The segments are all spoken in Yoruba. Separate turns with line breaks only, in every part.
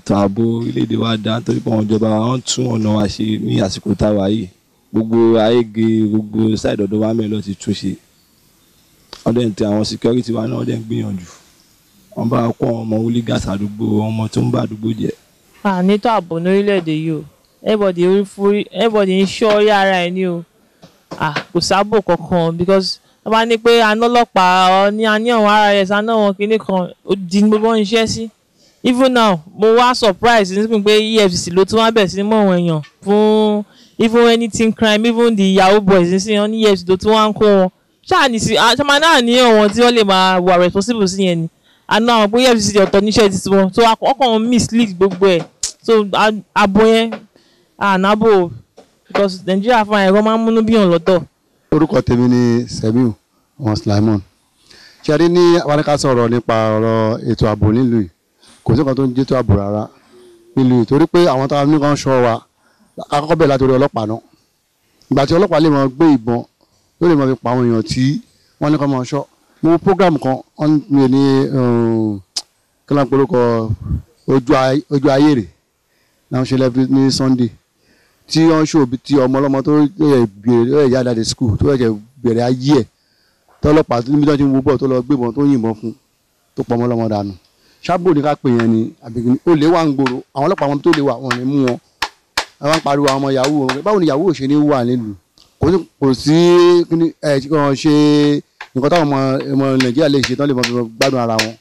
ètò ààbò orílẹ̀-èdè wa dá nítorí pé àwọn ìjọba wọn tún ọ̀nà wa ṣe ní àsìkò táwa yìí gbogbo ayége gbogbo ṣáìdì ọ̀dọ̀ wa mẹ́rin lọ́ọ́ ti tún ṣe wọ́n dẹ̀ ń tẹ àwọn security wa náà wọ́n dẹ̀ ń gbìyànjú wọ́n bá kó àwọn ọmọ hooligans àdúgbò ọmọ tó ń bá àdúgbò jẹ́.
a nítò ààbò lórílẹ̀‐èdè yìí o everybody orí fúri everybody ń ṣọ́ orí ara ẹ̀ ní o kò sábò kankan because wọ́n bá ní pé aná ọlọ́pàá ní aní àwọn ara ẹ̀ sáná wọn kinní kan ó di gbogbo ń sí. Si even now mo wá surprise nípa pé EFCC ló tún wá bẹ̀ sí mọ̀ àwọn èèyàn fún even anything crime even the yahoo boys nísìnyí wọn ní EFCC ló tún wá ń kó wọn ṣáà ní sí àtàmà náà ní ọ̀wọ́n tí wọ́n lè máa wà responsible sí yẹn ni àná àwọn pé EFCC ọ̀tọ̀ níṣẹ́ ti tiwọn so ọkàn mislead gbogbo ẹ̀ so abo yẹn ànábò because Nigeria fún àyẹ̀wò máa ń múnú bíyàn lọ́tọ̀.
orúkọ tèmi ni Semiu wọn Slimon ṣe rí ní wàlúkà sọ̀rọ̀ nípa ọ̀rọ̀ ètò ààbò nílùú yìí kò sí nǹkan tó ń jẹ́ tó ààbò rárá nílùú yìí torí pé àwọn táwọn nìkan ṣọ́ wa akọ́kọ́ bẹ̀rẹ̀ látòrí ọlọ́pàá náà ìgbà tí ọlọ́pàá lè máa gbé ìbọn ló lè máa fi pa àwọn èèyàn tí wọ́n ní kọ́ máa ṣọ́ mo wo program kan wọ́n ní ní um, kí ló ń polókọ ojú ayé rè náà ṣe lẹ́bi ní Sunday tí wọ́n ṣó òbí tí ọmọ ọlọ́mọ tó yẹ bèrè yẹ yáda dé school tó yẹ bèrè ayé ẹ̀ tọ́lọ́pàá níbi tí wọ́n ti ń wo tó lọ gbébọn tó yìnbọn fún tó pọ̀ ọmọ ọlọ́mọ dànù ṣáàbò ní ká pè yẹn ni àbíkí ó lè wà ń gbòòrò àwọn ọlọ́pàá wọn tó lè wà wọn ni mú wọn ẹ wá ń pariwo àwọn ọmọ yahoo wọn pé báwo ni yahoo ṣe ní wà nílùú kò sí ẹ ṣe nǹkan táwọn ọmọ nàìjíríà lè ṣe tán lè mọ gbádùn ara wọn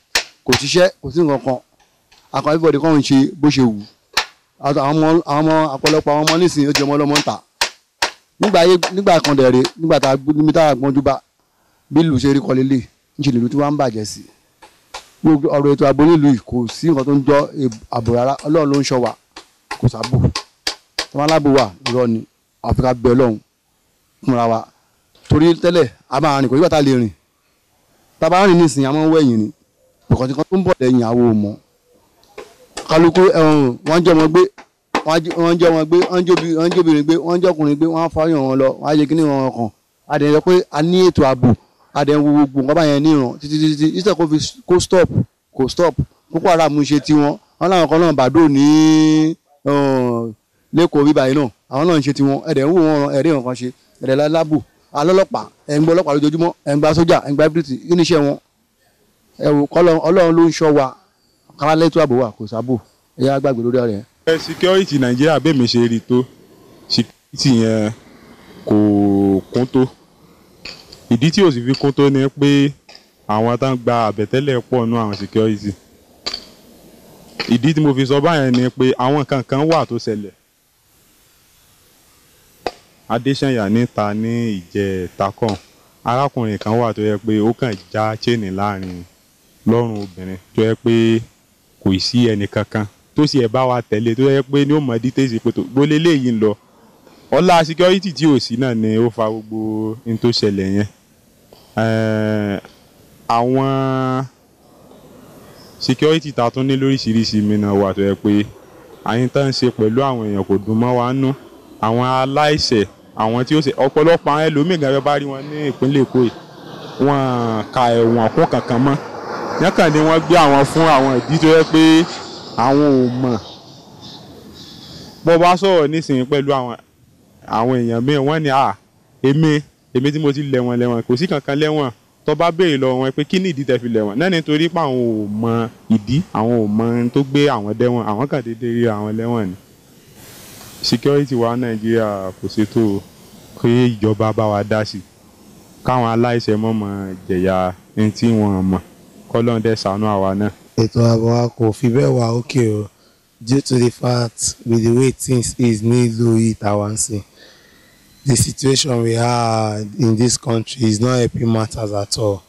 kò síṣẹ́ kò sí nǹkan kan àkàn everybody kàn ń ṣe bó ṣe wù àwọn ọmọ àpọ̀lọpọ̀ àwọn ọmọ nísìnyí ó a gbọ́njú bá bí ìlú ṣe rí kọ́lélẹ̀ gbogbo ọ̀rọ̀ ètò ààbò nílùú yìí kò sí nǹkan tó ń jọ ààbò rárá ọlọ́run ló ń ṣọ́ wa kò sábò tọ́mọ aláàbò wà irọ́ ni àfikà bẹ ọlọ́run fúnra wa torí tẹ́lẹ̀ a máa rìn kò nígbà tá lè rìn tá a bá rìn nísìnyí a máa ń wẹ̀yìn ni bùkọ́tí kan tó ń bọ̀ lẹ́yìn àwo mọ́ kálukú ẹ̀hún wọ́n jẹ́ ọmọ gbé wọ́n jẹ́ ọmọ gbé wọ́n jóbìnrin gbé wọ́n jọ́kùnrin gbé wọ́n fáyọ̀ wọn lọ wọ́n á yẹ kí wọn kàn á dẹ̀ yẹ pé a ní ètò ààbò àdẹ̀wò gbogbo nǹkan báyẹn níran títí títí instead kó fi kó stop kó stop Boko Haram ṣe tiwọn wọn làwọn kan náà bàdó ní lẹ́kọ̀ọ́ bíbá yìí náà àwọn náà ń ṣe tiwọn ẹ̀dẹ̀ ń wò wọn ẹ̀rí nǹkan ṣe ẹ̀dẹ̀ lálábù alọ́lọ́pàá ẹ̀ ń gbọ́ ọlọ́pàá lójoojúmọ́ ẹ̀ ń gba sójà ẹ̀ ń gba everything kí ni iṣẹ́ wọn ẹ̀wò ọlọ́run ló ń ṣọ́ wa kára lẹ́tù
ìdí tí ò sì fi kún tó ni pé àwọn tá ń gba àbẹ̀tẹ́lẹ̀ pọ̀ nú àwọn security ìdí tí mo fi sọ báyẹn ni pé àwọn kan kan wà tó ṣẹlẹ̀ Adéṣànyà níta ní ìjẹta kan arákùnrin kan wà tó yẹ pé ó kàn já chain láàrin lọ́rùn obìnrin tó yẹ pé kò sí ẹnì kankan tó sì ẹ̀ bá wa tẹ̀lé tó yẹ pé ní ó mọ details pé tó gbólé ń lọ ọlá security tí ò sí náà ni ó fa gbogbo n tó ṣẹlẹ̀ yẹn Eh, àwọn security ta tún ní lóríṣìíríṣìí mìíràn wà tó yẹ pé àyín tá ń ṣe pẹ̀lú àwọn èèyàn kò dùn mọ́ wa nú àwọn aláìṣẹ̀ àwọn tí ó ṣe ọ̀pọ̀lọpọ̀ àwọn ẹlòmíì gan bá rí wọn ní ìpínlẹ̀ Èkó yìí wọn ka ẹ̀wọ̀n kún kankan mọ́ yàtọ̀ ni wọ́n gbé àwọn fún àwọn ìdí tó yẹ pé àwọn ò mọ̀ bó bá sọ̀rọ̀ nísìnyí pẹ̀lú àwọn èèyàn míì wọ́n ní à èmi èmi tí mo ti lẹ̀wọ̀n lẹ̀wọ̀n kò sí kankan lẹ́wọ̀n tó bá béèrè lọ wọn pé kí ni ìdí tẹ́ fi lẹ̀wọ̀n náà nítorí pé àwọn ò mọ ìdí àwọn ò mọ ohun tó gbé àwọn dẹ́wọ̀n àwọn kàn déédéé rí àwọn lẹ́wọ̀n ni security wa Nàìjíríà kò ṣètò pé ìjọba bá wa dá sí káwọn aláìṣẹ̀ mọ̀ mọ̀ jẹ̀yà ẹni tí wọ́n mọ̀ kọ́lọ́n dẹ̀ ṣàánú àwa náà. ètò ààbò wa kò fi bẹ́ẹ̀ wá òkè o due to the fact with the way things is nílùú ìtàwáǹsì the situation we are in this country is not helping matters at all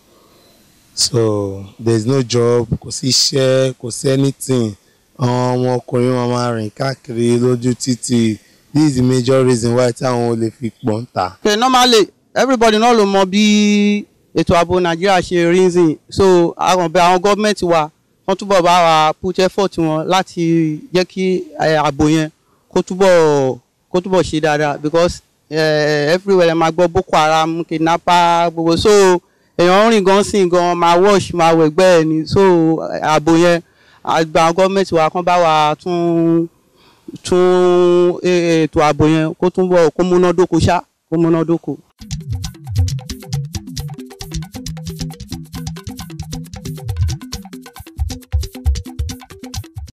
so there's no job kò sí iṣẹ́ kò sí anything àwọn ọmọkùnrin wọn máa rìn káàkiri lójú títì this is the major reason why táwọn olè fi pọ̀ ń ta.
okay normally everybody náà ló mọ bí ètò ààbò nàìjíríà ṣe rí nsìn so àwọn ọbẹ àwọn gọọmẹǹtì wa wọn túbọ̀ bá wa put effort wọn láti jẹ́ kí eh, ààbò yẹn kó túbọ̀ kó túbọ̀ ṣe dáadáa because Eh, everywhere máa gbọ́ boko haram kidnapper gbogbo so èèyàn ń rìn gan sìn gan máa wash máa wẹ̀gbẹ́ ẹ̀ ni so ààbò yẹn àgbà gọ́ọ̀mẹ̀ntì wa kan bá wa tún tún eh, ètò ààbò yẹn kó tún bọ̀ kó múná dóko ṣá kó múná dóko.